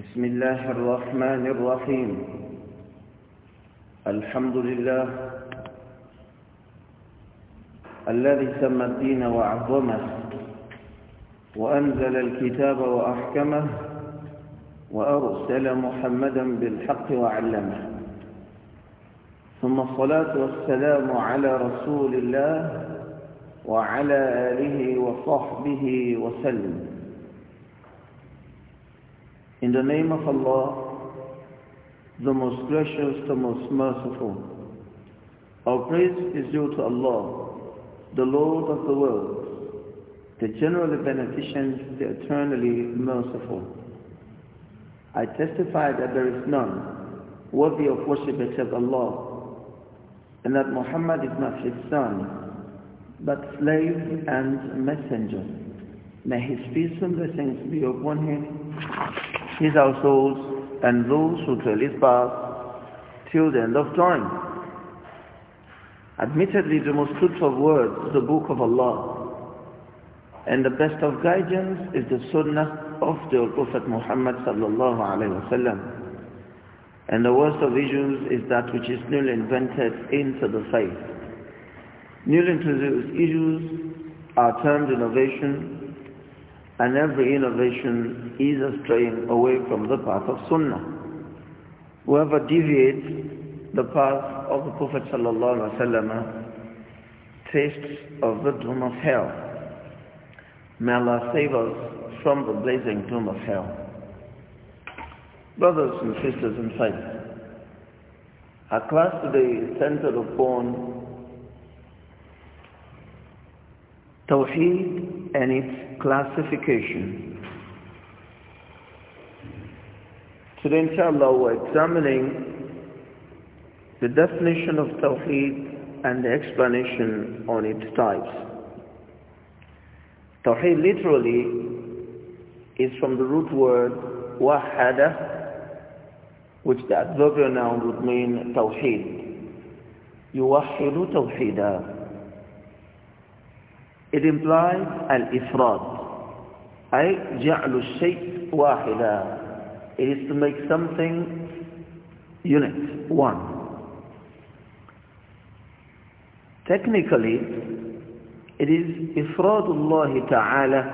بسم الله الرحمن الرحيم الحمد لله الذي سمى الدين وعظمه وأنزل الكتاب وأحكمه وأرسل محمدا بالحق وعلمه ثم الصلاة والسلام على رسول الله وعلى آله وصحبه وسلم In the name of Allah, the most gracious, the most merciful. Our praise is due to Allah, the Lord of the world, the generally beneficent, the eternally merciful. I testify that there is none worthy of worship except Allah, and that Muhammad is not his son, but slave and messenger. May his peace and blessings be upon him our souls and those who trail his path till the end of time. Admittedly, the most truthful word is the Book of Allah, and the best of guidance is the Sunnah of the Prophet Muhammad sallallahu alaihi wasallam. And the worst of issues is that which is newly invented into the faith. Newly introduced issues are termed innovation and every innovation is a straying away from the path of Sunnah. Whoever deviates the path of the Prophet ﷺ tastes of the doom of hell. May Allah save us from the blazing doom of hell. Brothers and sisters in faith, our class today is centered upon Tawheed and its classification. Today, inshallah, we're examining the definition of Tawheed and the explanation on its types. Tawheed literally is from the root word wahada, which the adverbial noun would mean Tawheed. يوحد توحيدا it implies al-ifrad, أي جعل الشيء واحدا It is to make something unit, one. Technically, it is إفراد الله تعالى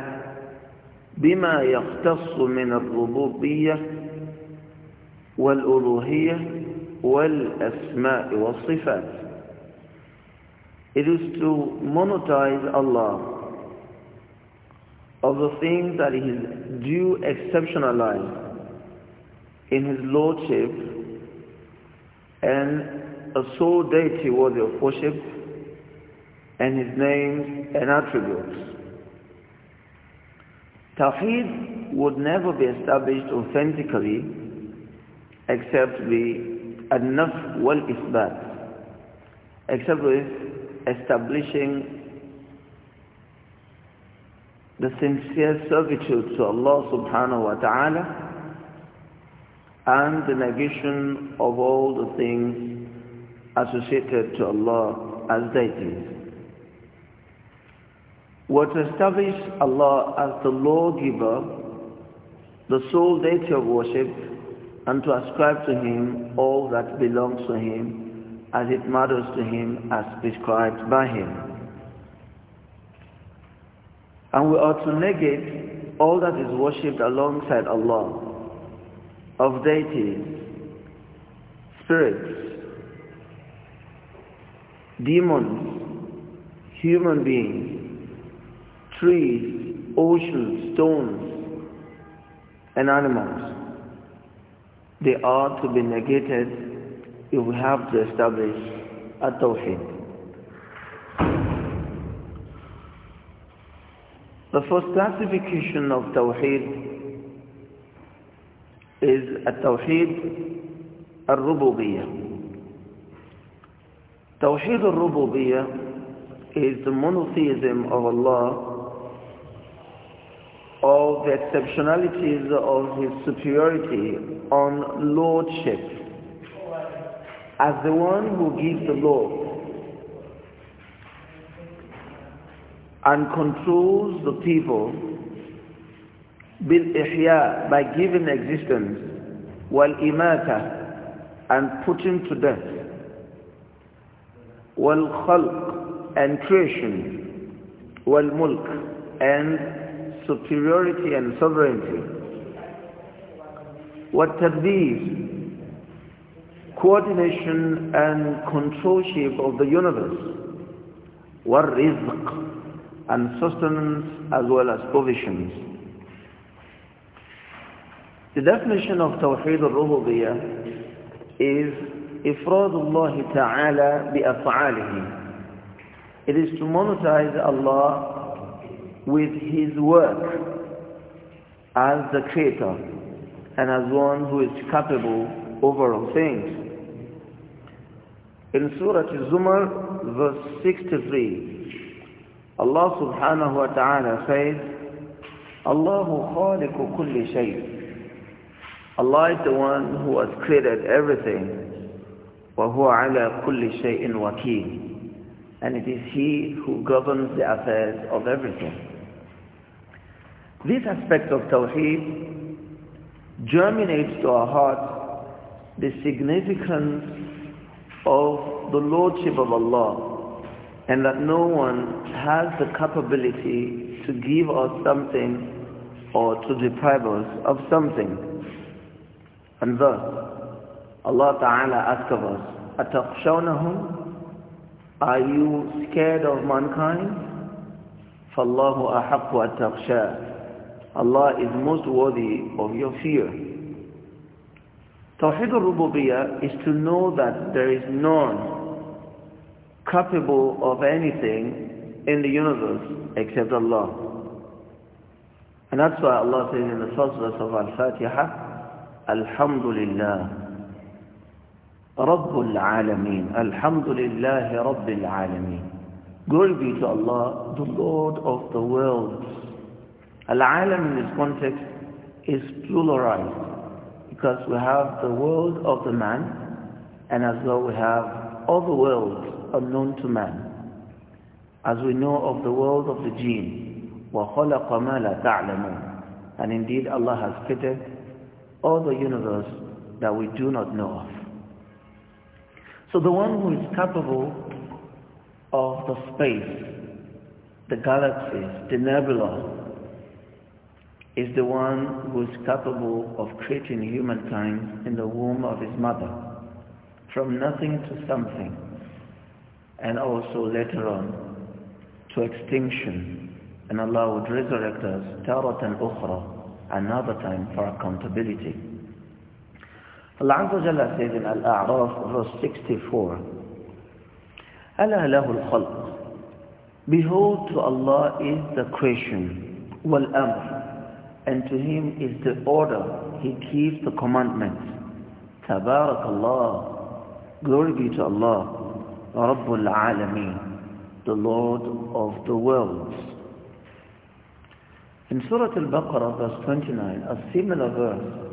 بما يختص من الربوبية والألوهية والأسماء والصفات. It is to monetize Allah of the things that he due exceptionalized in his lordship and a sole deity worthy of worship and his names and attributes. Tawheed would never be established authentically except the enough nafs is isbat except with establishing the sincere servitude to Allah subhanahu wa ta'ala and the negation of all the things associated to Allah as deities. What establish Allah as the lawgiver, the sole deity of worship, and to ascribe to him all that belongs to him as it matters to him as prescribed by him. And we ought to negate all that is worshipped alongside Allah of deities, spirits, demons, human beings, trees, oceans, stones, and animals. They are to be negated if we have to establish a tawheed. The first classification of Tawheed is Tawheed al-Rububiyyah. Tawheed al-Rububiyyah is the monotheism of Allah, of the exceptionalities of His superiority on Lordship, as the one who gives the law and controls the people bil by giving existence wal imata and putting to death wal khalq and creation wal mulk and superiority and sovereignty are these? coordination and controlship of the universe What is? and sustenance as well as provisions. The definition of Tawheed al-Rububiyyah is إفراد الله تعالى بأفعاله it is to monetize Allah with His work as the Creator and as one who is capable over all things. In Surah Zumar, verse 63, Allah subhanahu wa ta'ala says, Allahu khaliqu kulli shay. Allah is the one who has created everything. وَهُوَ عَلَى كُلِّ شَيْءٍ وَكِيلٍ And it is He who governs the affairs of everything. This aspect of Tawheed germinates to our heart the significance of the Lordship of Allah and that no one has the capability to give us something or to deprive us of something. And thus, Allah Ta'ala asks of us, أَتَخْشَوْنَهُمْ Are you scared of mankind? فَاللَّهُ أَحَقُّ أَتَخْشَى Allah is most worthy of your fear. Tawheed al-Rububiyyah is to know that there is none capable of anything in the universe except Allah. And that's why Allah says in the first verse of Al-Fatiha, Alhamdulillah. Rabbul العالمين الحمد لله رب Glory be to Allah, the Lord of the worlds. Al-Alam in this context is pluralized because we have the world of the man and as well we have all the worlds unknown to man. As we know of the world of the jinn, وَخَلَقَ مَا لَا تَعْلَمُونَ And indeed Allah has created all the universe that we do not know of. So the one who is capable of the space, the galaxies, the nebula, is the one who is capable of creating humankind in the womb of his mother, from nothing to something and also later on to extinction. And Allah would resurrect us, taratan ukhra, another time for accountability. Allah Azza Jalla says in Al-A'raf, verse 64, أَلَا لَهُ الْخَلْقِ Behold, to Allah is the creation, wal and to Him is the order. He keeps the commandments. Allah. Glory be to Allah. Rabbul Alameen, the Lord of the worlds. In Surah Al-Baqarah, verse 29, a similar verse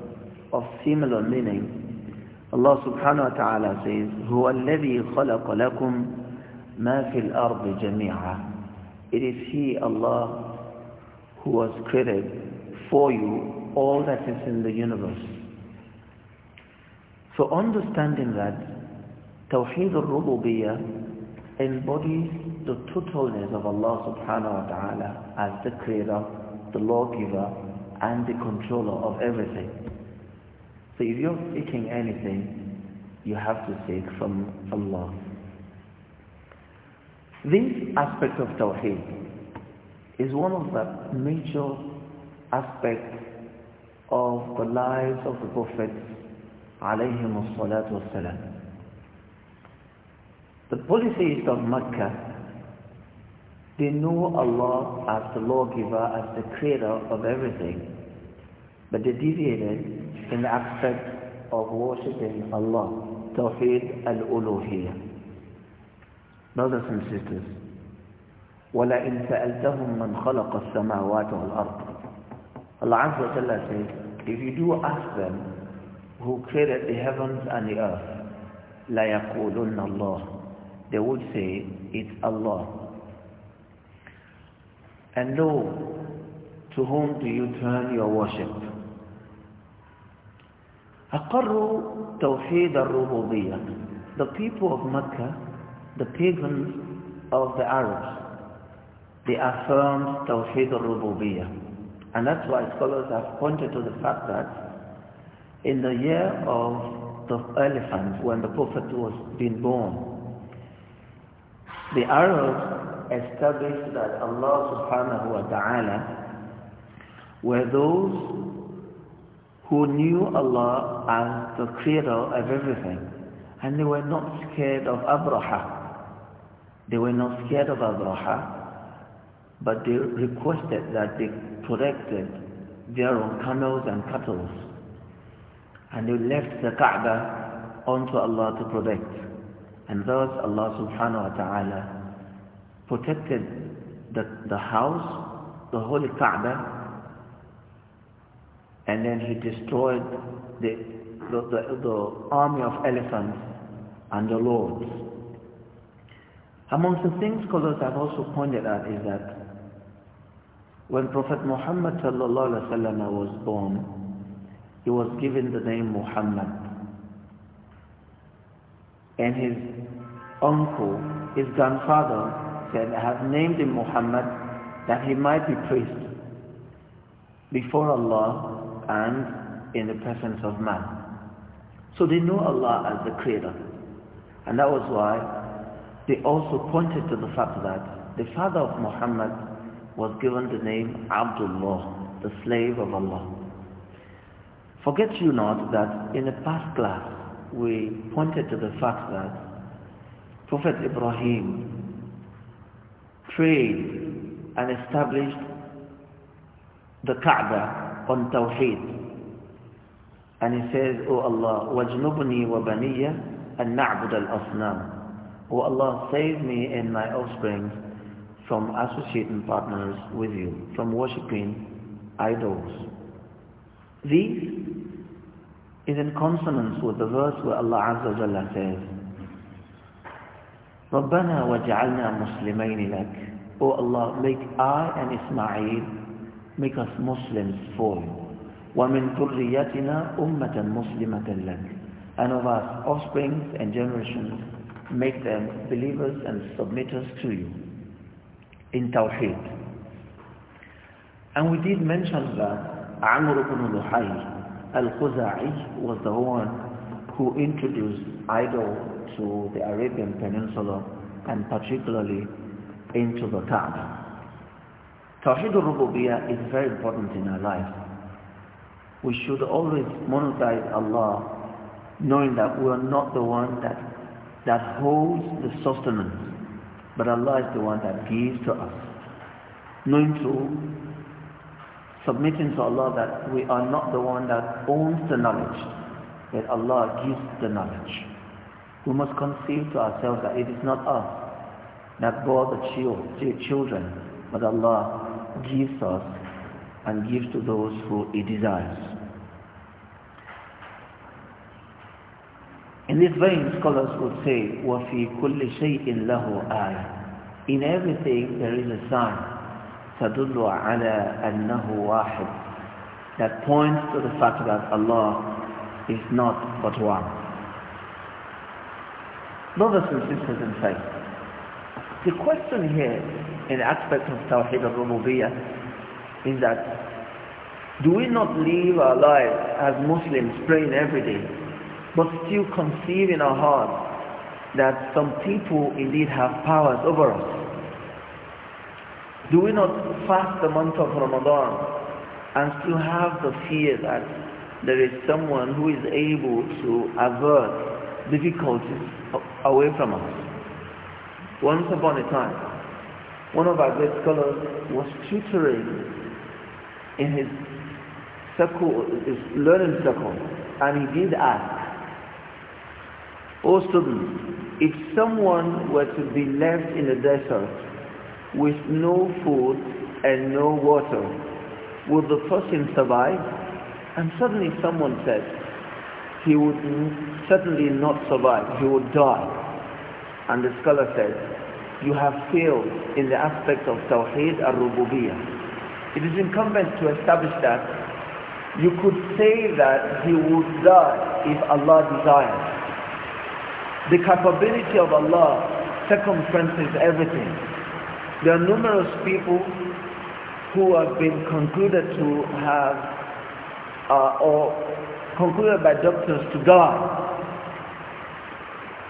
of similar meaning, Allah subhanahu wa ta'ala says, هُوَ الَّذِي خَلَقَ لَكُمْ مَا فِي الْأَرْضِ جَمِيعًا It is He, Allah, who has created for you all that is in the universe. So understanding that Tawheed al-Rububiyyah embodies the totalness of Allah subhanahu wa ta'ala as the creator, the lawgiver, and the controller of everything. So if you're seeking anything, you have to seek from Allah. This aspect of Tawheed is one of the major aspects of the lives of the prophets alayhim salatu wasalam. The polytheists of Mecca, they know Allah as the lawgiver, as the creator of everything. But they deviated in the aspect of worshipping Allah, Tawheed al-Uluhiyah. Brothers and sisters, وَلَئِن سَأَلْتَهُمْ مَنْ خَلَقَ السَّمَاوَاتِ وَالْأَرْضِ Allah Azza wa Jalla says, if you do ask them who created the heavens and the earth, لَيَقُولُنَّ اللَّهُ they would say it's Allah. And no, to whom do you turn your worship? أقروا توحيد الربوبية The people of Mecca, the pagans of the Arabs, they affirmed Tawheed al And that's why scholars have pointed to the fact that in the year of the elephant, when the Prophet was being born, the Arabs established that Allah subhanahu wa ta'ala were those who knew Allah as the creator of everything. And they were not scared of Abraha. They were not scared of Abraha, but they requested that they protected their own camels and cattle. And they left the Kaaba unto Allah to protect. And thus Allah subhanahu wa ta'ala protected the, the house, the holy Kaaba, and then he destroyed the, the, the, the army of elephants and the lords. Amongst the things scholars have also pointed out is that when Prophet Muhammad was born, he was given the name Muhammad and his uncle, his grandfather, said, I have named him Muhammad that he might be praised before Allah and in the presence of man. So they knew Allah as the creator. And that was why they also pointed to the fact that the father of Muhammad was given the name Abdullah, the slave of Allah. Forget you not that in the past class we pointed to the fact that Prophet Ibrahim prayed and established the Kaaba on Tawheed. And he says, O oh Allah, وَجْنُبْنِي وَبَنِيَّ أَن نَعْبُدَ الْأَصْنَامِ O Allah, save me and my offspring from associating partners with you, from worshipping idols. These is in consonance with the verse where Allah Azza wa Jalla says, رَبَّنَا وَجْعَلْنَا مُسْلِمَيْنِ لَكَ O Allah, make I and Ismail, make us Muslims for you. وَمِن ذُرِّيَّتِنَا أُمَّةً مُسْلِمَةً لَكَ And of us, offsprings and generations, make them believers and submitters to you in Tawheed. And we did mention that Amr ibn Luhay Al-Khuzai was the one who introduced idol to the Arabian Peninsula and particularly into the Kaaba. Tawhid al-Rububiyyah is very important in our life. We should always monetize Allah knowing that we are not the one that, that holds the sustenance, but Allah is the one that gives to us. Knowing too submitting to Allah that we are not the one that owns the knowledge, that Allah gives the knowledge. We must conceive to ourselves that it is not us that bore the children, but Allah gives us and gives to those who He desires. In this vein, scholars would say, وَفِي كُلِّ شَيْءٍ لَهُ آيَةٍ In everything there is a sign. تدل على أنه واحد that points to the fact that Allah is not but one. Brothers and sisters in faith, the question here in the aspect of Tawheed al-Rububiyyah is that do we not live our lives as Muslims praying every day but still conceive in our hearts that some people indeed have powers over us do we not fast the month of Ramadan and still have the fear that there is someone who is able to avert difficulties away from us? Once upon a time, one of our great scholars was tutoring in his circle, his learning circle, and he did ask, O oh, students, if someone were to be left in the desert with no food and no water, would the person survive? And suddenly someone said, he would certainly not survive, he would die. And the scholar said, you have failed in the aspect of Tawheed al-Rububiyyah. It is incumbent to establish that you could say that he would die if Allah desired. The capability of Allah circumferences everything. There are numerous people who have been concluded to have uh, or concluded by doctors to die,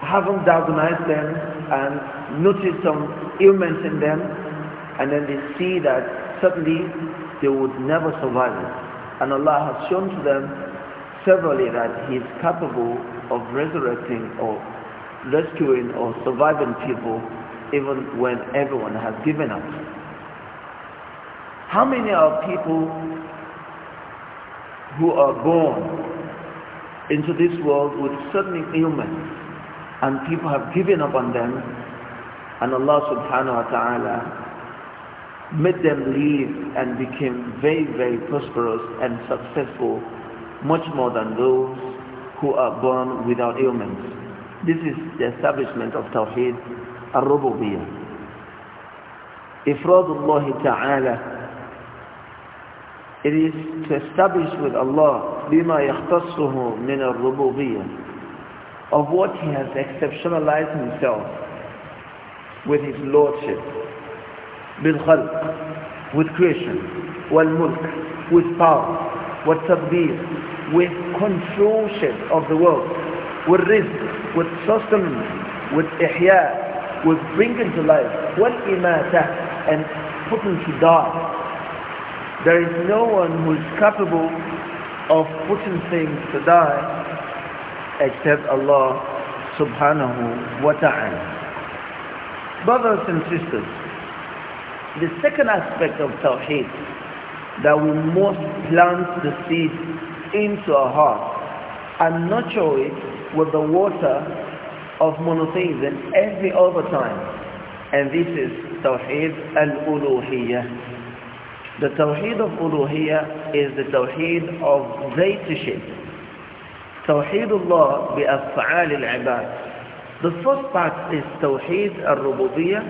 haven't diagnosed them and noticed some ailments in them and then they see that suddenly they would never survive it. And Allah has shown to them severally that He is capable of resurrecting or rescuing or surviving people even when everyone has given up. How many are people who are born into this world with certain ailments and people have given up on them and Allah subhanahu wa ta'ala made them live and became very, very prosperous and successful, much more than those who are born without ailments. This is the establishment of Tawheed الربوبية إفراد الله تعالى It is to establish with Allah بما يختصه من الربوبية of what He has exceptionalized Himself with His Lordship بالخلق with creation والملك with power والتدبير with controlship of the world with with sustenance with إحياء was bringing to life والإماتة and putting to die. There is no one who is capable of putting things to die except Allah subhanahu wa ta'ala. Brothers and sisters, the second aspect of Tawheed that we must plant the seed into our heart and nurture it with the water of monotheism every other time. And this is Tawheed al-Uluhiyyah. The Tawheed of Uluhiyyah is the Tawheed of Tawheed Allah bi-af'al al-ibad. The first part is Tawheed al-Rububiyyah.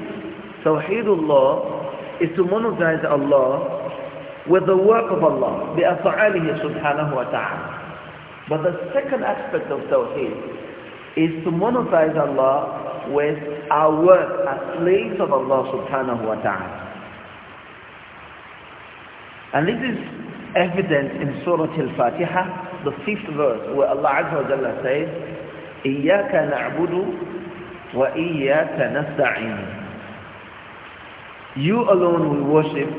Allah is to monotheize Allah with the work of Allah, bi-af'alihi subhanahu wa ta'ala. But the second aspect of Tawheed is to monetize Allah with our work as slaves of Allah subhanahu wa ta'ala. And this is evident in Surah Al-Fatiha, the fifth verse, where Allah Azza wa Jalla says, إِيَّاكَ نَعْبُدُ وَإِيَّاكَ نَسْتَعِينُ You alone we worship,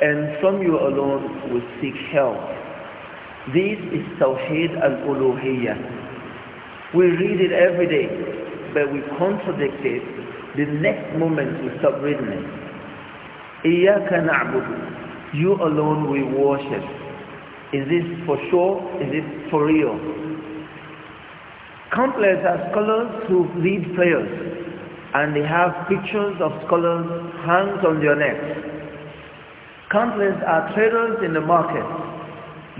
and from you alone we seek help. This is Tawheed al-Uluhiyyah, we read it every day, but we contradict it the next moment we stop reading it. Iyaka na'budu. You alone we worship. Is this for sure? Is it for real? Countless are scholars who lead prayers and they have pictures of scholars hung on their necks. Countless are traders in the market.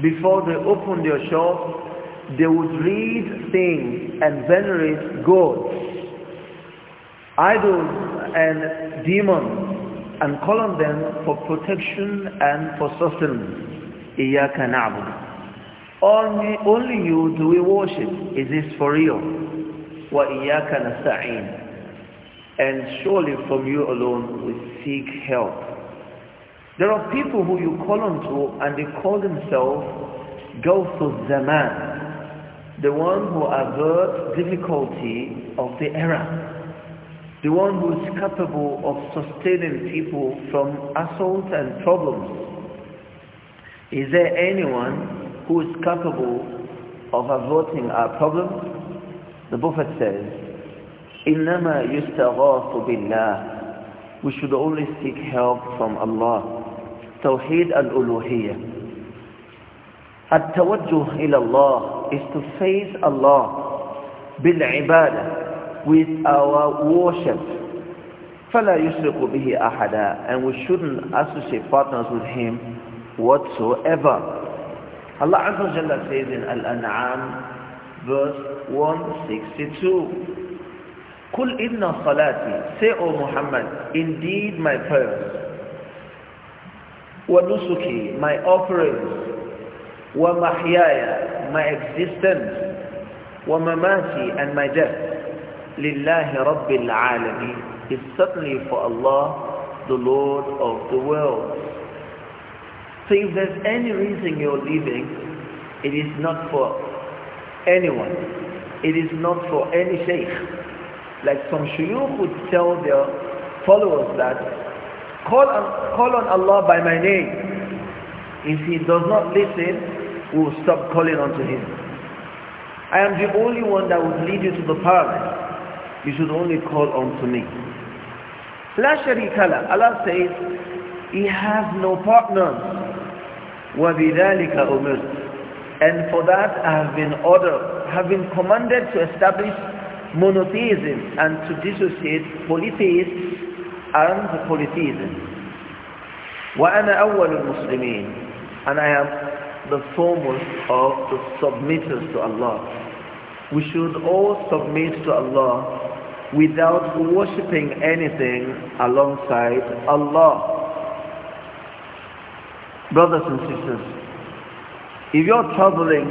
Before they open their shop, they would read things and venerate gods, idols and demons and call on them for protection and for sustenance. إِيَّاكَ نَعْبُدُ only, only you do we worship. Is this for real? وَإِيَّاكَ نَسْتَعِينَ And surely from you alone we seek help. There are people who you call on to and they call themselves ghosts the Zaman the one who averts difficulty of the error, the one who is capable of sustaining people from assaults and problems. Is there anyone who is capable of averting our problems? The Prophet says, إِنَّمَا يُسْتَغَاثُ بِاللَّهِ We should only seek help from Allah. Tawheed al-Uluhiyya. التوجه إلى الله is to face Allah bil-ibadah with our worship. فَلَا يُشْرِقُ بِهِ أَحَدًا And we shouldn't associate partners with him whatsoever. Allah Azza wa Jalla says in Al-An'am verse 162 Kul inna salati Say O Muhammad Indeed my prayers Wa nusuki My offerings Wa mahyaya my existence ومماتي and my death is certainly for Allah the Lord of the world so if there's any reason you're leaving it is not for anyone it is not for any sheikh like some shuyukh would tell their followers that call on, call on Allah by my name if he does not listen we will stop calling unto him. I am the only one that would lead you to the paradise. You should only call unto me. La sharika Allah says, He has no partners. وَبِذَلِكَ أُمِرْتُ and for that I have been ordered, have been commanded to establish monotheism and to dissociate polytheists and polytheism. وَأَنَا أَوَّلُ الْمُسْلِمِينَ And I am the foremost of the submitters to Allah. We should all submit to Allah without worshipping anything alongside Allah. Brothers and sisters, if you're traveling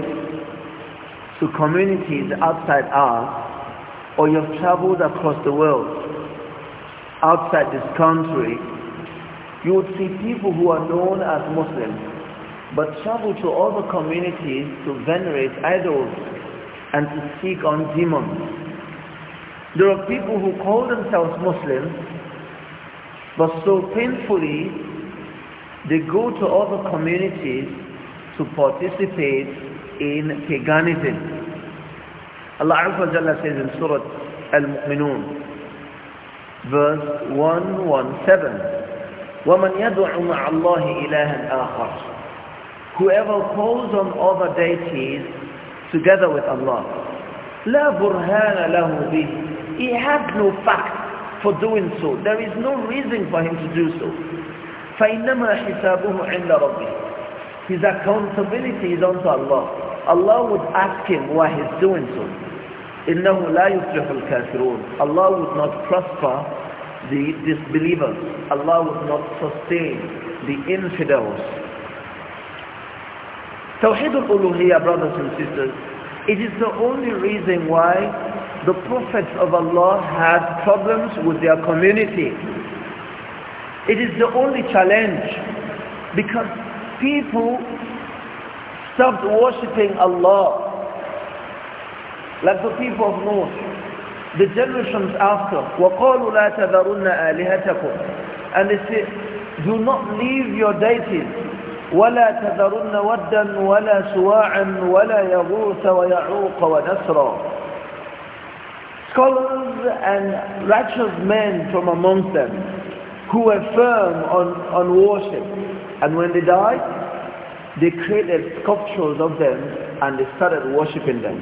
to communities outside us, or you've traveled across the world, outside this country, you would see people who are known as Muslims but travel to other communities to venerate idols and to seek on demons. There are people who call themselves Muslims, but so painfully they go to other communities to participate in paganism. Allah Azza Jalla says in Surah Al-Mu'minun, verse 117, وَمَنْ يَدْعُ مَعَ اللَّهِ إِلَهًا آخَرٍ whoever calls on other deities together with Allah. La burhana lahu bih. He has no fact for doing so. There is no reason for him to do so. فَإِنَّمَا حِسَابُهُ عِنْدَ رَبِّهِ His accountability is unto Allah. Allah would ask him why he's doing so. إِنَّهُ لَا يُفْلِحُ الْكَافِرُونَ Allah would not prosper the disbelievers. Allah would not sustain the infidels. Tawheedul Uluhiyah, brothers and sisters, it is the only reason why the prophets of Allah had problems with their community. It is the only challenge because people stopped worshipping Allah like the people of Noah. The generations after, وَقَالُوا لَا تَذَرُنَّ آلِهَتَكُمْ And they said, do not leave your deities ولا تذرن ودا ولا سواعا ولا يغوث ويعوق ونسرا Scholars and righteous men from amongst them who were firm on, on worship and when they died they created sculptures of them and they started worshipping them.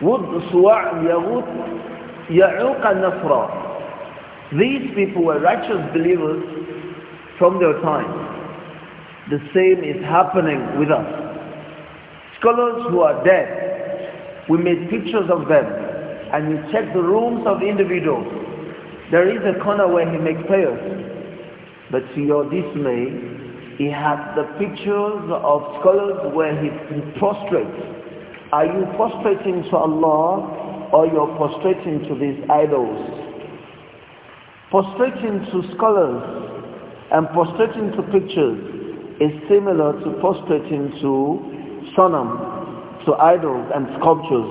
Wud, Suwa' Yaghut, Ya'uq Nasra. These people were righteous believers from their time. The same is happening with us. Scholars who are dead, we made pictures of them and we check the rooms of the individuals. There is a corner where he makes prayers. But to your dismay, he has the pictures of scholars where he prostrates. Are you prostrating to Allah or you're prostrating to these idols? Prostrating to scholars and prostrating to pictures is similar to prostrating to sonam, to idols and sculptures,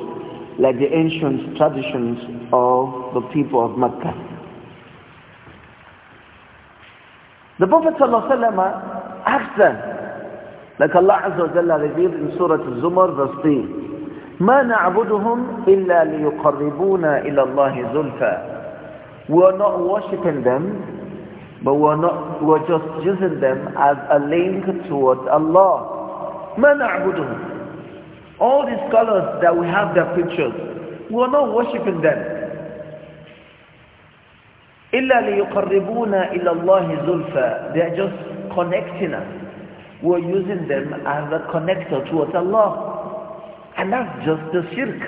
like the ancient traditions of the people of Mecca. The Prophet ﷺ asked them, like Allah Azza wa Jalla revealed in Surah Al-Zumar verse 3, ما نعبدهم إلا إلى الله We are not worshipping them but we're not, we're just using them as a link towards Allah. مَنَعْبُدُهُمْ All these colors that we have their pictures, we're not worshipping them. زُلْفَى They're just connecting us. We're using them as a connector towards Allah. And that's just the shirk.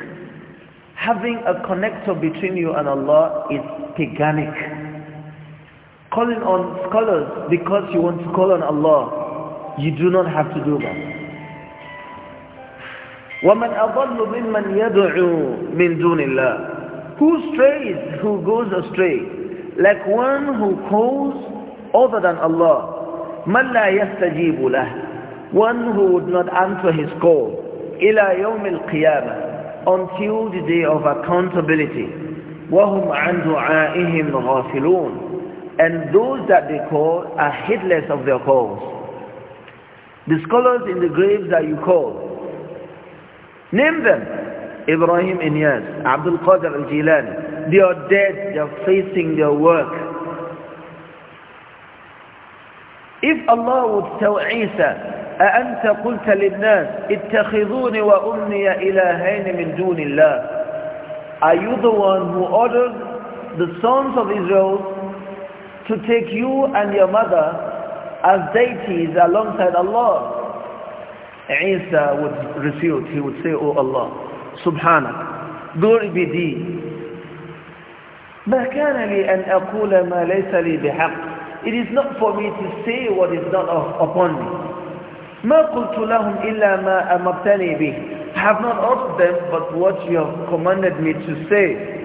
Having a connector between you and Allah is paganic. Calling on scholars because you want to call on Allah, you do not have to do that. وَمَنْ أَضَلُّ مِمَّنْ يَدْعُو مِنْ دُونِ اللَّهِ Who strays, who goes astray, like one who calls other than Allah. مَنْ لَا يَسْتَجِيبُ لَهِ One who would not answer his call. إِلَى يَوْمِ الْقِيَامَةِ Until the day of accountability. وَهُمْ عَنْ دُعَائِهِمْ غَافِلُونَ and those that they call are heedless of their calls. The scholars in the graves that you call, name them. Ibrahim Inyas, Abdul Qadir al-Jilani. They are dead, they are facing their work. If Allah would tell Isa, أأنت قلت للناس اتخذوني وأمي إلهين من دون الله Are you the one who ordered the sons of Israel to take you and your mother as deities alongside Allah. Isa would refute, he would say, "O oh Allah, subhanak, glory be thee. ما كان لي أن أقول ما ليس لي بحق it is not for me to say what is not of, upon me. ما قلت لهم إلا ما أمرتني به. I have not asked them but what you have commanded me to say.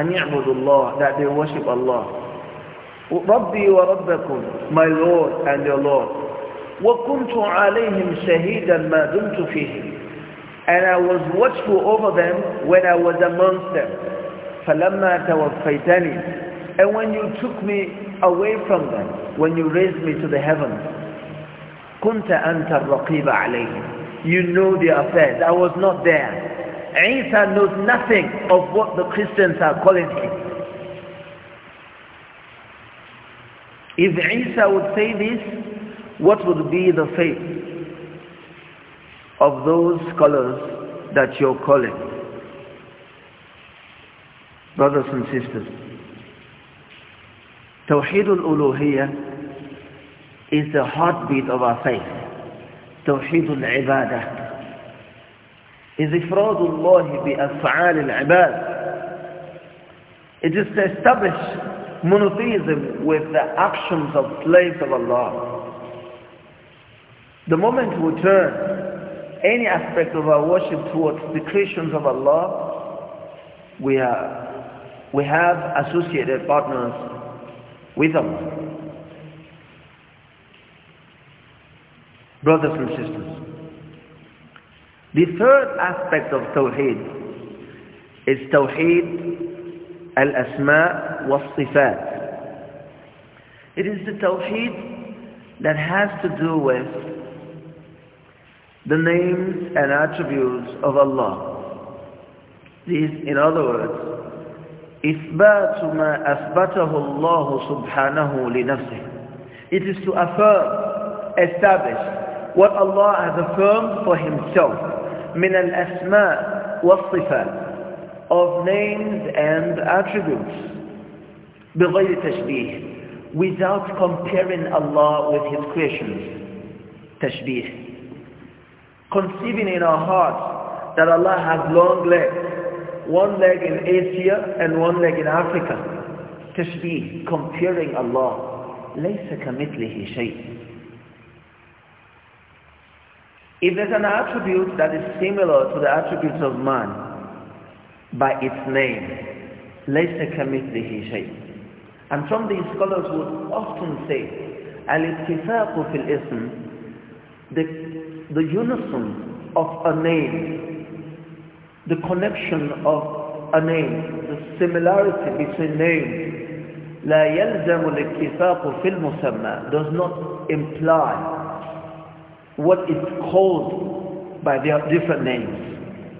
أن يعبدوا الله, that they worship Allah. ربي وربكم, my Lord and your Lord. وكنت عليهم شهيدا ما دمت فيه And I was watchful over them when I was amongst them. فلما توفيتني. And when you took me away from them, when you raised me to the heavens, كنت أنت الرقيب عليهم. You know their affairs. I was not there. Isa knows nothing of what the Christians are calling him. If Isa would say this, what would be the faith of those scholars that you're calling? Brothers and sisters, Tawheed al-Uluhiyya is the heartbeat of our faith. Tawheed al-Ibadah is إفراد الله al-ibad. It is to establish monotheism with the actions of slaves of Allah. The moment we turn any aspect of our worship towards the creations of Allah, we, are, we have associated partners with them. Brothers and sisters, the third aspect of Tawheed is Tawheed al-Asma wa-Sifat. It is the Tawheed that has to do with the names and attributes of Allah. This, in other words, إثبات ما أثبته الله سبحانه لنفسه. It is to affirm, establish what Allah has affirmed for Himself. من الأسماء والصفات of names and attributes بغير تشبيه without comparing Allah with His creations تشبيه conceiving in our hearts that Allah has long legs one leg in Asia and one leg in Africa تشبيه comparing Allah ليس كمثله شيء if there's an attribute that is similar to the attributes of man by its name, لَيْسَ كَمِثْلِهِ شَيْء And from these scholars would often say, الاتفاق fil ism, the, the unison of a name, the connection of a name, the similarity between names, لا يلزم الاتفاق في المسمى does not imply what it's called by their different names.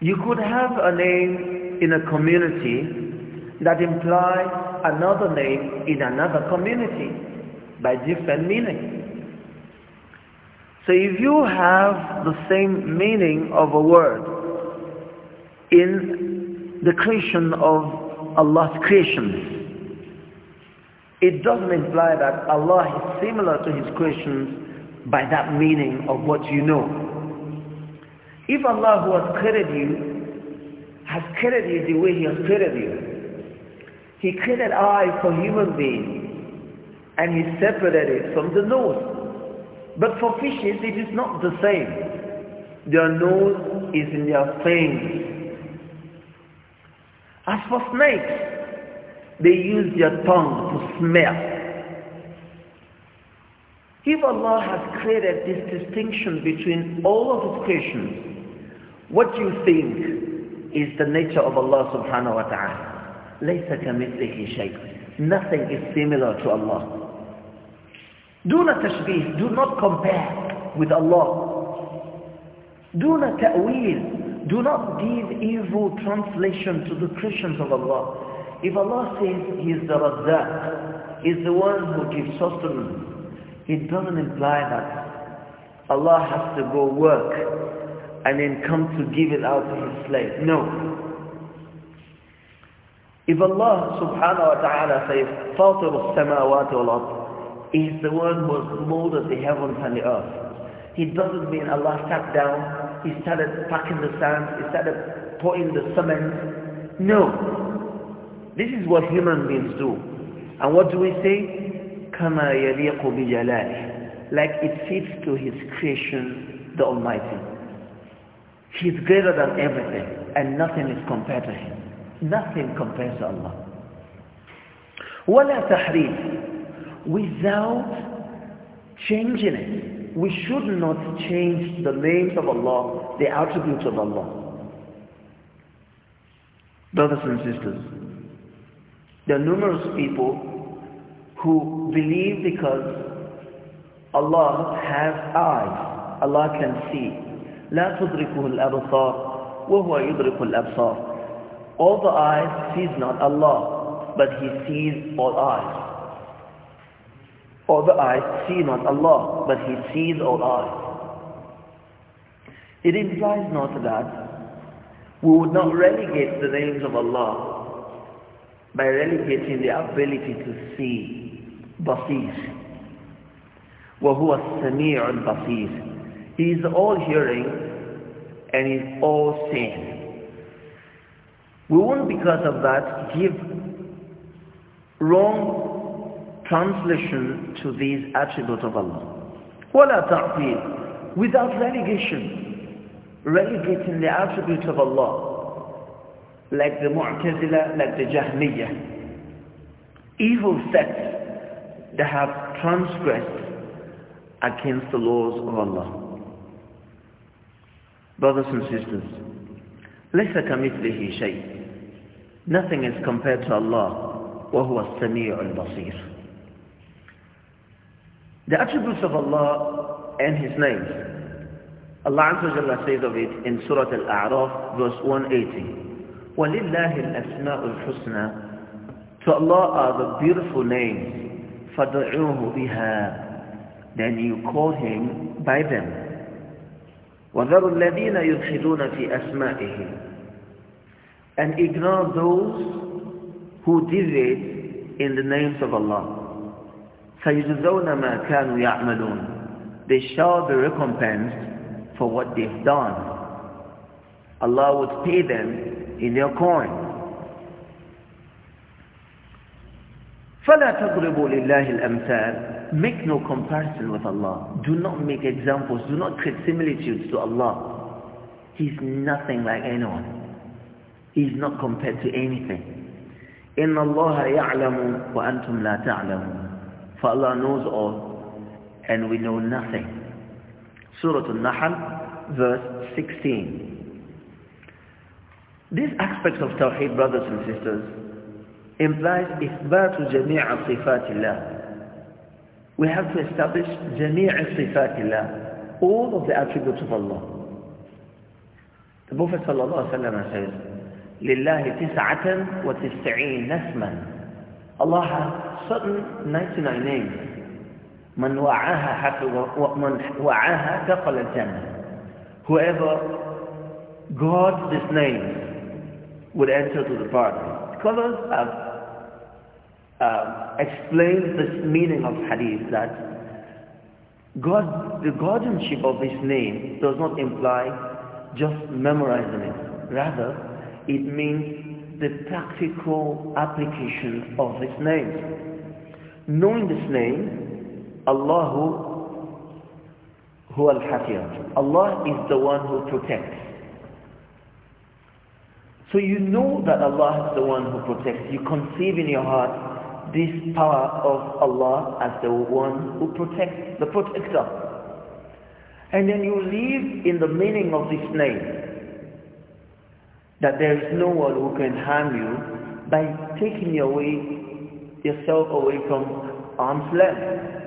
You could have a name in a community that implies another name in another community by different meaning. So if you have the same meaning of a word in the creation of Allah's creations, it doesn't imply that Allah is similar to his creations by that meaning of what you know. If Allah who has created you, has created you the way He has created you, He created eyes for human beings and He separated it from the nose. But for fishes it is not the same. Their nose is in their fangs. As for snakes, they use their tongue to smell. If Allah has created this distinction between all of His creations, what do you think is the nature of Allah subhanahu wa ta'ala? لَيْسَ كَمِثْلِهِ شَيْءٍ Nothing is similar to Allah. Do not tashbih, do not compare with Allah. Do not ta'wil, do not give evil translation to the creations of Allah. If Allah says He is the Razzaq, He is the one who gives sustenance, it doesn't imply that Allah has to go work and then come to give it out to his slave. No. If Allah subhanahu wa ta'ala says, فاطر السماوات والأرض, He is the one who has molded the heavens and the earth. He doesn't mean Allah sat down, He started packing the sand, He started pouring the cement. No. This is what human beings do. And what do we say? كما يليق بجلاله like it fits to his creation the Almighty He is greater than everything and nothing is compared to him nothing compares to Allah ولا تحريف without changing it we should not change the names of Allah the attributes of Allah brothers and sisters there are numerous people who believe because Allah has eyes. Allah can see. لا تدركه الأبصار وهو يدرك الأبصار All the eyes sees not Allah, but He sees all eyes. All the eyes see not Allah, but He sees all eyes. It implies not that we would not relegate the names of Allah by relegating the ability to see basir. وَهُوَ السَّمِيعُ الْبَصِيرُ He is all hearing and he is all seeing. We won't because of that give wrong translation to these attributes of Allah. وَلَا تَعْطِيلُ Without relegation, relegating the attributes of Allah, like the Mu'tazila, like the Jahmiyyah, evil sects that have transgressed against the laws of Allah. Brothers and sisters, لَيْسَ كَمِثْلِهِ شَيْءٍ Nothing is compared to Allah, وَهُوَ السَّمِيعُ الْبَصِيرُ The attributes of Allah and His names Allah Azza wa Jalla says of it in Surah Al-A'raf, verse 180. وَلِلَّهِ الْأَسْمَاءُ الْحُسْنَى To Allah are the beautiful names. فَدْعُوهُ بِهَا Then you call him by them. الَّذِينَ فِي أَسْمَائِهِ And ignore those who deviate in the names of Allah. فَيُجْزَوْنَ مَا كَانُوا يَعْمَلُونَ They shall be recompensed for what they've done. Allah would pay them in their coin. فَلَا تَضْرِبُوا لِلَّهِ الْأَمْثَالِ Make no comparison with Allah. Do not make examples. Do not create similitudes to Allah. He's nothing like anyone. He's not compared to anything. إِنَّ اللَّهَ يَعْلَمُ وَأَنْتُمْ لَا تَعْلَمُونَ For Allah knows all and we know nothing. Surah Al-Nahl, verse 16. These aspects of Tawheed, brothers and sisters, implies إثبات جميع صفات الله. We have to establish جميع صفات الله, all of the attributes of Allah. The Prophet صلى الله عليه وسلم says, لله تسعة وتسعين اسما Allah has certain 99 names من وعاها حفظ من وعاها دخل الجنة whoever God this name would enter to the paradise scholars have um, explains this meaning of hadith that God, the guardianship of His name does not imply just memorizing it. Rather, it means the practical application of His name. Knowing this name, Allahu Huwa hafiyat Allah is the one who protects. So you know that Allah is the one who protects. You conceive in your heart this power of Allah as the one who protects, the protector. And then you live in the meaning of this name, that there is no one who can harm you by taking your yourself away from arm's length.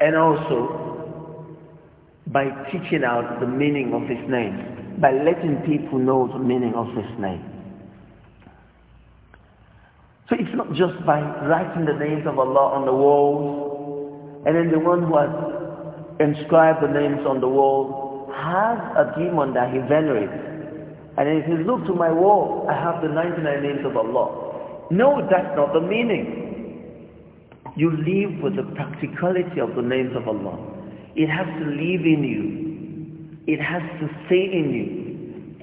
And also by teaching out the meaning of his name, by letting people know the meaning of his name. So it's not just by writing the names of Allah on the walls and then the one who has inscribed the names on the wall has a demon that he venerates. And then he says, look to my wall, I have the 99 names of Allah. No, that's not the meaning. You live with the practicality of the names of Allah. It has to live in you. It has to stay in you.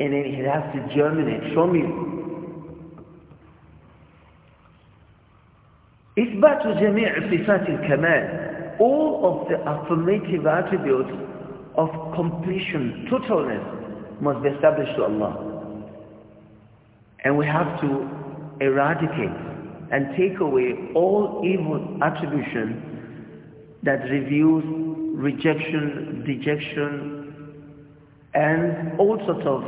And then it has to germinate from you. إثبات جميع صفات الكمال all of the affirmative attributes of completion, totalness must be established to Allah. And we have to eradicate and take away all evil attribution that reveals rejection, dejection, and all sorts of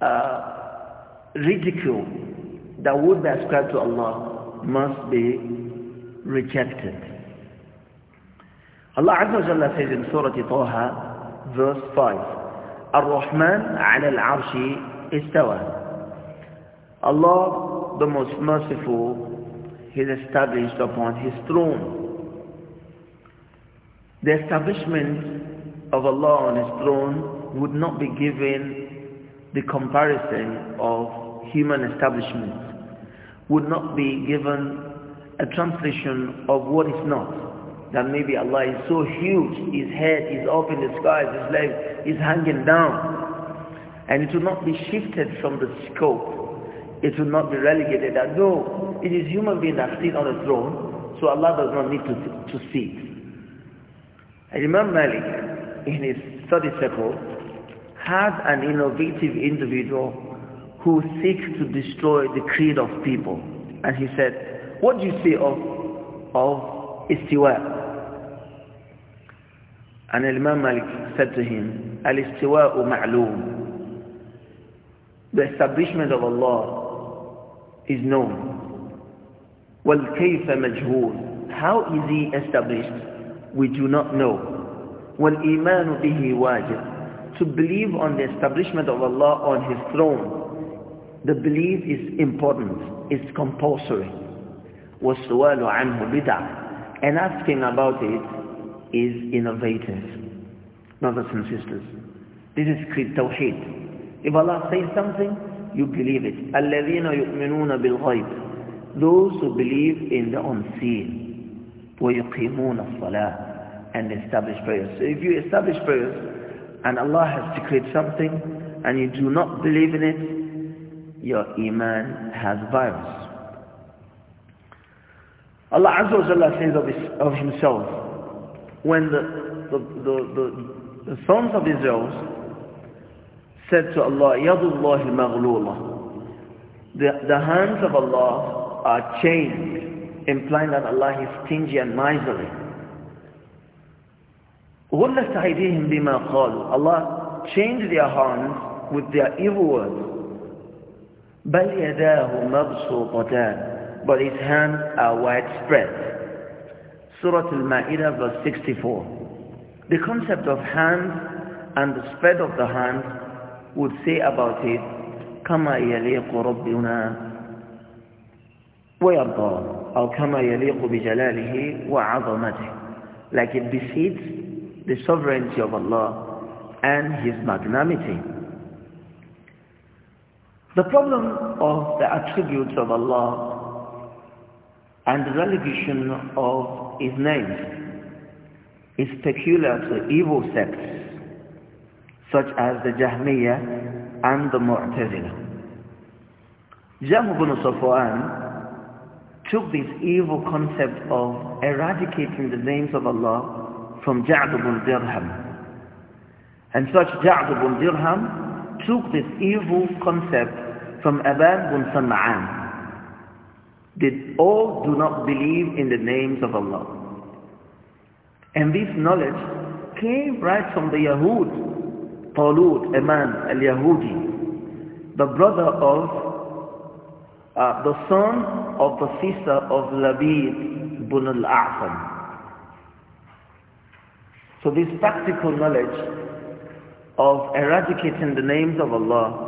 uh, ridicule that would be ascribed to Allah must be rejected. Allah Azza wa Jalla says in Surah Taha, verse 5, Ar-Rahman ala al-arshi istawa. Allah, the most merciful, has established upon his throne. The establishment of Allah on his throne would not be given the comparison of human establishment would not be given a translation of what is not. That maybe Allah is so huge, His head is up in the skies, His leg is hanging down. And it will not be shifted from the scope. It will not be relegated that no, it is human being that sit on the throne, so Allah does not need to, to sit. it. Imam Malik, in his study circle, had an innovative individual who seek to destroy the creed of people. And he said, what do you say of, of istiwa? And Imam Malik said to him, Al-istiwa'u ma'loom. The establishment of Allah is known. وَالْكَيْفَ مَجْهُولٌ How is He established? We do not know. وَالْإِيمَانُ بِهِ wajib. To believe on the establishment of Allah on His throne the belief is important. It's compulsory. وَالسُّوَالُ عَنْهُ بِدَعْ And asking about it is innovative. Brothers and sisters, this is Creed Tawheed. If Allah says something, you believe it. الَّذِينَ يُؤْمِنُونَ بِالْغَيْبِ Those who believe in the unseen. وَيُقِيمُونَ الصَّلَاةِ and establish prayers. So if you establish prayers and Allah has decreed something and you do not believe in it, your iman has virus. Allah Azza wa Jalla says of, his, of himself, when the, the, the, the, sons of Israel said to Allah, Yadullah al-Maghlula, the, the hands of Allah are chained, implying that Allah is stingy and miserly. غلت أيديهم بما قالوا Allah changed their hands with their evil words. بل يداه مبسوطتان but his hands are widespread Surah Al-Ma'idah verse 64 the concept of hands and the spread of the hands would say about it كما يليق ربنا ويرضى أو كما يليق بجلاله وعظمته like it befits the sovereignty of Allah and His magnanimity the problem of the attributes of Allah and the relegation of His names is peculiar to evil sects such as the Jahmiyyah and the Mu'tazila. Jahm ibn Safwan took this evil concept of eradicating the names of Allah from Ja'd ibn Dirham. And such Ja'd ibn Dirham took this evil concept from Aban bin Sam'an. They all do not believe in the names of Allah. And this knowledge came right from the Yahud, Talut, Aman, al-Yahudi, the brother of, uh, the son of the sister of Labid bin al-A'sam. So this practical knowledge of eradicating the names of Allah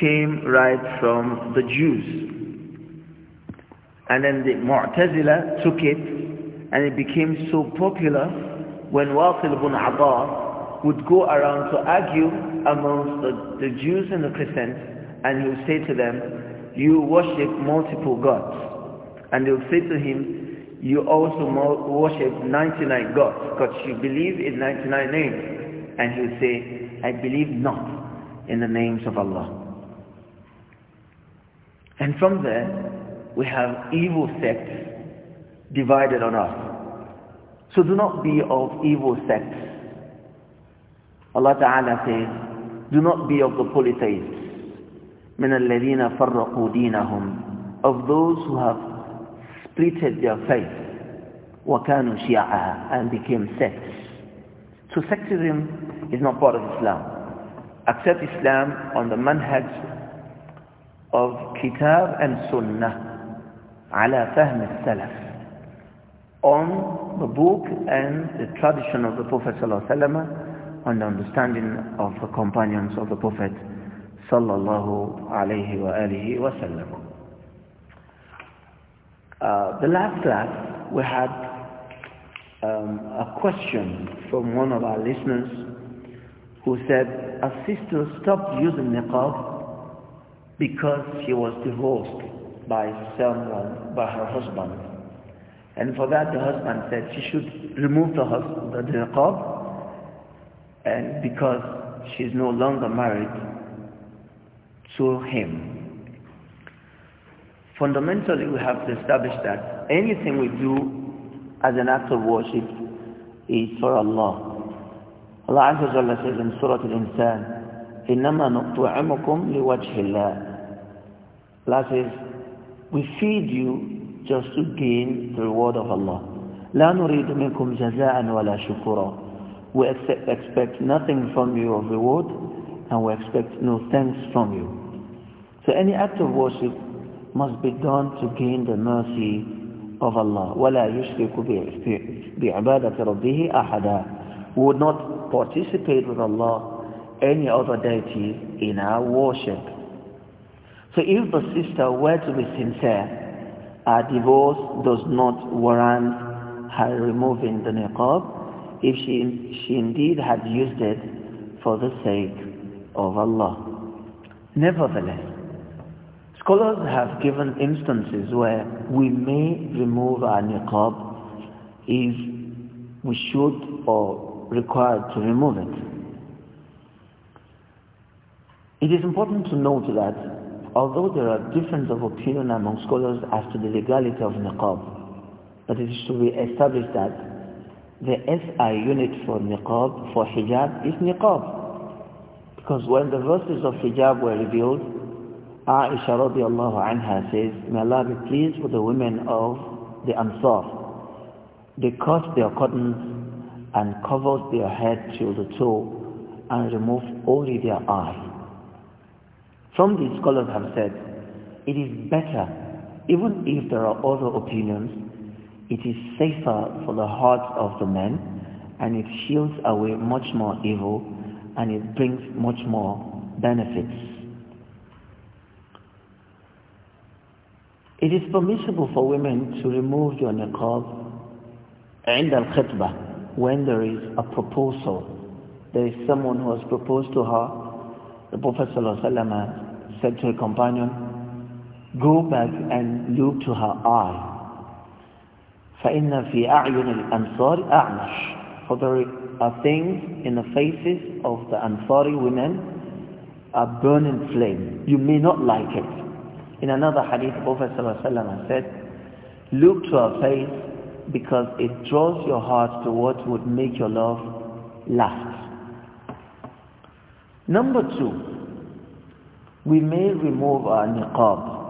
came right from the Jews. And then the Mu'tazila took it and it became so popular when Waqil ibn Abba would go around to argue amongst the, the Jews and the Christians and he would say to them, you worship multiple gods. And they would say to him, you also worship 99 gods because you believe in 99 names. And he would say, I believe not in the names of Allah. And from there, we have evil sects divided on us. So do not be of evil sects. Allah Ta'ala says, do not be of the polytheists. من الذين فرقوا دينهم Of those who have splitted their faith. وكانوا شيعا And became sects. So sectism is not part of Islam. Accept Islam on the manhaj of Kitab and Sunnah ala fahm al-salaf on the book and the tradition of the Prophet ﷺ on the understanding of the companions of the Prophet sallallahu alayhi wa alihi wasallam. Uh, the last class we had um, a question from one of our listeners who said, a sister stopped using niqab because she was divorced by someone, by her husband. And for that the husband said she should remove the, husband, the niqab and because she is no longer married to him. Fundamentally we have to establish that anything we do as an act of worship is for Allah. Allah Azza wa Jalla says in Surah Al-Insan, Innama nut'imukum liwajhillah. Allah says, we feed you just to gain the reward of Allah. لا نريد منكم جزاء ولا شكورا. We expect nothing from you of reward and we expect no thanks from you. So any act of worship must be done to gain the mercy of Allah. وَلَا يُشْرِكُ بِعْبَادَةِ رَبِّهِ أَحَدًا We would not participate with Allah any other deity in our worship. So if the sister were to be sincere, a divorce does not warrant her removing the niqab if she, she indeed had used it for the sake of Allah. Nevertheless, scholars have given instances where we may remove our niqab if we should or required to remove it. It is important to note that although there are differences of opinion among scholars as to the legality of niqab, but it should be established that the SI unit for niqab, for hijab, is niqab. Because when the verses of hijab were revealed, Aisha radiallahu anha says, May Allah be pleased with the women of the Ansar. They cut their cottons and covered their head till the toe and removed only their eye. Some of the scholars have said, it is better, even if there are other opinions, it is safer for the hearts of the men, and it shields away much more evil, and it brings much more benefits. It is permissible for women to remove your niqab and al الخطبة when there is a proposal. There is someone who has proposed to her. The Prophet ﷺ said to her companion, Go back and look to her eye. فَإِنَّ فِي أَعْيُنِ الْأَنصَارِ أَعْمَشِ For there are things in the faces of the Ansari women a burning flame. You may not like it. In another hadith, Prophet ﷺ said, Look to her face because it draws your heart to what would make your love last. Number two, we may remove our niqab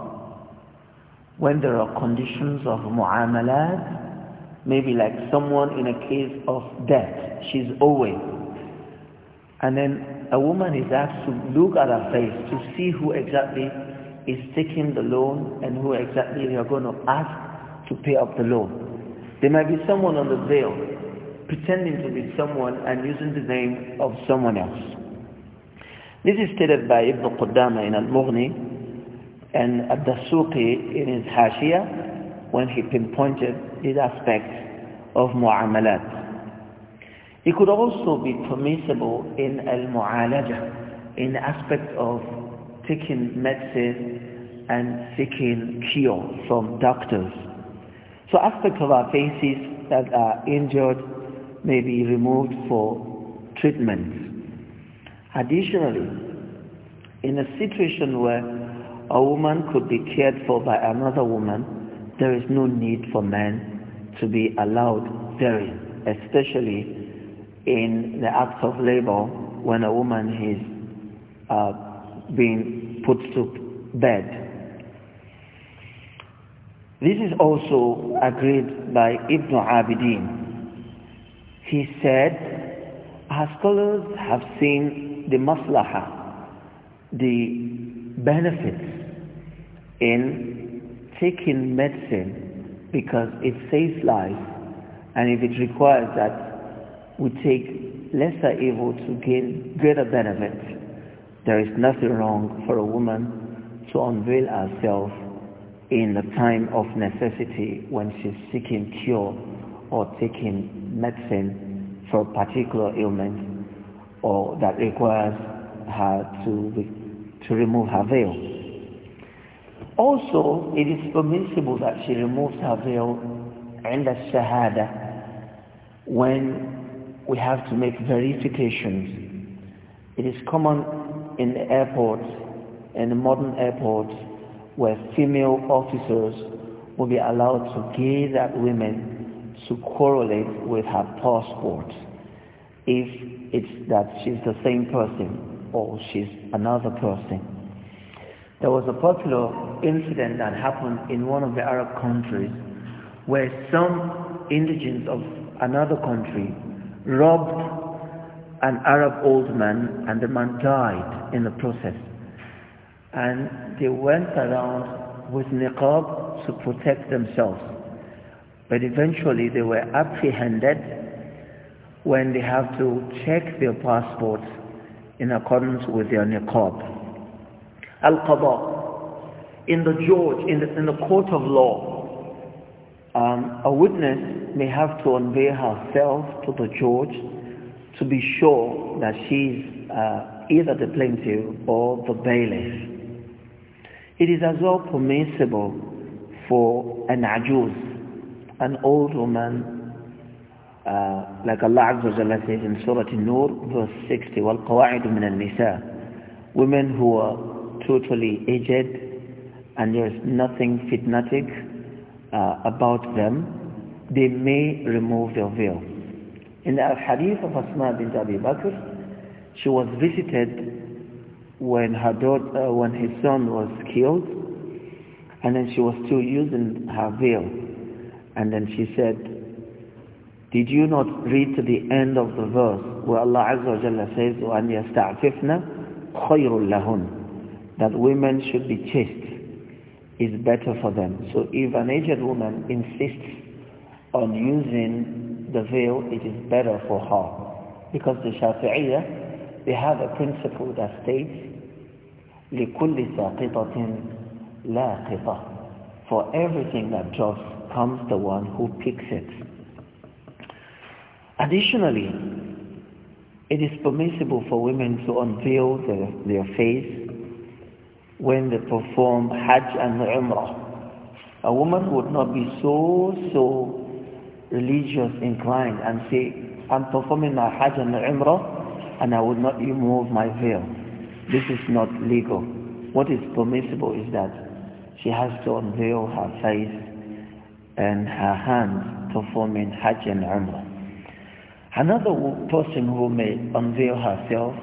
when there are conditions of mu'amalat, maybe like someone in a case of death, she's away. And then a woman is asked to look at her face to see who exactly is taking the loan and who exactly they are going to ask to pay up the loan. There might be someone on the veil pretending to be someone and using the name of someone else. This is stated by Ibn Qudama in Al-Mughni and Abdasuqi in his Hashiyah when he pinpointed this aspect of mu'amalat. It could also be permissible in al-mu'alaja, in the aspect of taking medicine and seeking cure from doctors. So aspects of our faces that are injured may be removed for treatment. Additionally, in a situation where a woman could be cared for by another woman, there is no need for men to be allowed therein, especially in the act of labor when a woman is uh, being put to bed. This is also agreed by Ibn Abidin. He said, our scholars have seen the maslaha, the benefits in taking medicine because it saves life and if it requires that we take lesser evil to gain greater benefit, there is nothing wrong for a woman to unveil herself in the time of necessity when she's seeking cure or taking medicine for a particular ailment or that requires her to, be, to remove her veil. Also, it is permissible that she removes her veil and the shahada when we have to make verifications. It is common in the airports, in the modern airports, where female officers will be allowed to gaze at women to correlate with her passport if it's that she's the same person or she's another person. There was a popular incident that happened in one of the Arab countries where some indigents of another country robbed an Arab old man and the man died in the process. And they went around with niqab to protect themselves. But eventually they were apprehended when they have to check their passports in accordance with their niqab. Al-Qadha, in the judge, in the, in the court of law, um, a witness may have to unveil herself to the judge to be sure that she's uh, either the plaintiff or the bailiff. It is as well permissible for an ajuz, an old woman like Allah Azza says in Surah An-Nur, verse 60, وَالْقَوَاعِدُ مِنَ النِّسَاءِ Women who are totally aged and there is nothing fitnatic uh, about them, they may remove their veil. In the hadith of Asma bint Abi Bakr, she was visited when her daughter, uh, when his son was killed, and then she was still using her veil. And then she said, did you not read to the end of the verse where Allah Azza wa Jalla says, وَأَنْ يَسْتَعْفِفْنَا خَيْرٌ لَهُنْ That women should be chaste is better for them. So if an aged woman insists on using the veil, it is better for her. Because the Shafi'iyah, they have a principle that states, لِكُلِّ سَاقِطَةٍ لَاقِطَةٍ For everything that drops comes the one who picks it. Additionally, it is permissible for women to unveil their, their face when they perform Hajj and Umrah. A woman would not be so, so religious inclined and say, I'm performing my Hajj and Umrah and I would not remove my veil. This is not legal. What is permissible is that she has to unveil her face and her hands performing Hajj and Umrah. Another person who may unveil herself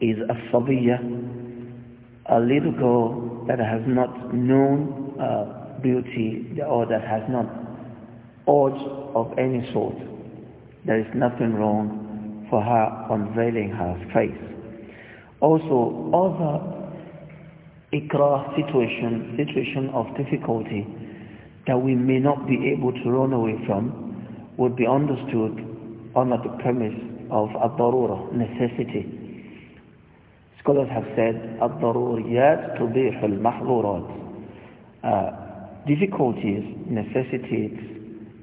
is a sabiya, a little girl that has not known uh, beauty or that has not urge of any sort. There is nothing wrong for her unveiling her face. Also, other ikra situation, situation of difficulty that we may not be able to run away from would be understood on the premise of ad-darura, necessity. Scholars have said, ad-daruriyat tubihul mahdurat. Uh, difficulties, necessitates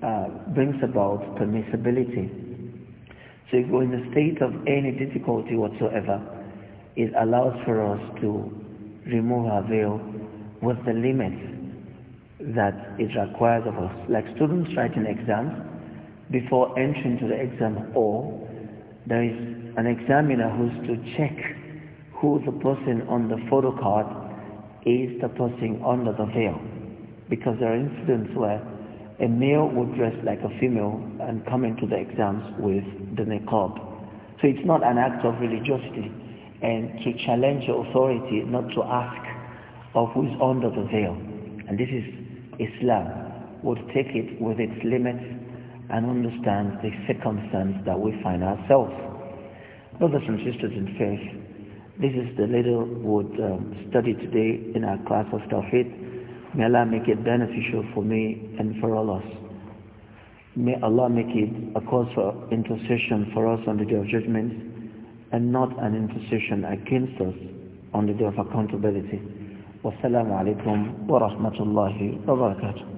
uh, brings about permissibility. So if we're in the state of any difficulty whatsoever, it allows for us to remove our veil with the limits that it requires of us. Like students writing exams, before entering to the exam or there is an examiner who's to check who the person on the photo card is the person under the veil. Because there are incidents where a male would dress like a female and come into the exams with the niqab. So it's not an act of religiosity and to challenge your authority not to ask of who is under the veil. And this is Islam would take it with its limits and understand the circumstance that we find ourselves. Brothers and sisters in faith, this is the little wood um, study today in our class of Tawheed. May Allah make it beneficial for me and for all us. May Allah make it a cause for intercession for us on the day of judgment and not an intercession against us on the day of accountability. Wassalamu alaikum wa rahmatullahi wa barakatuh.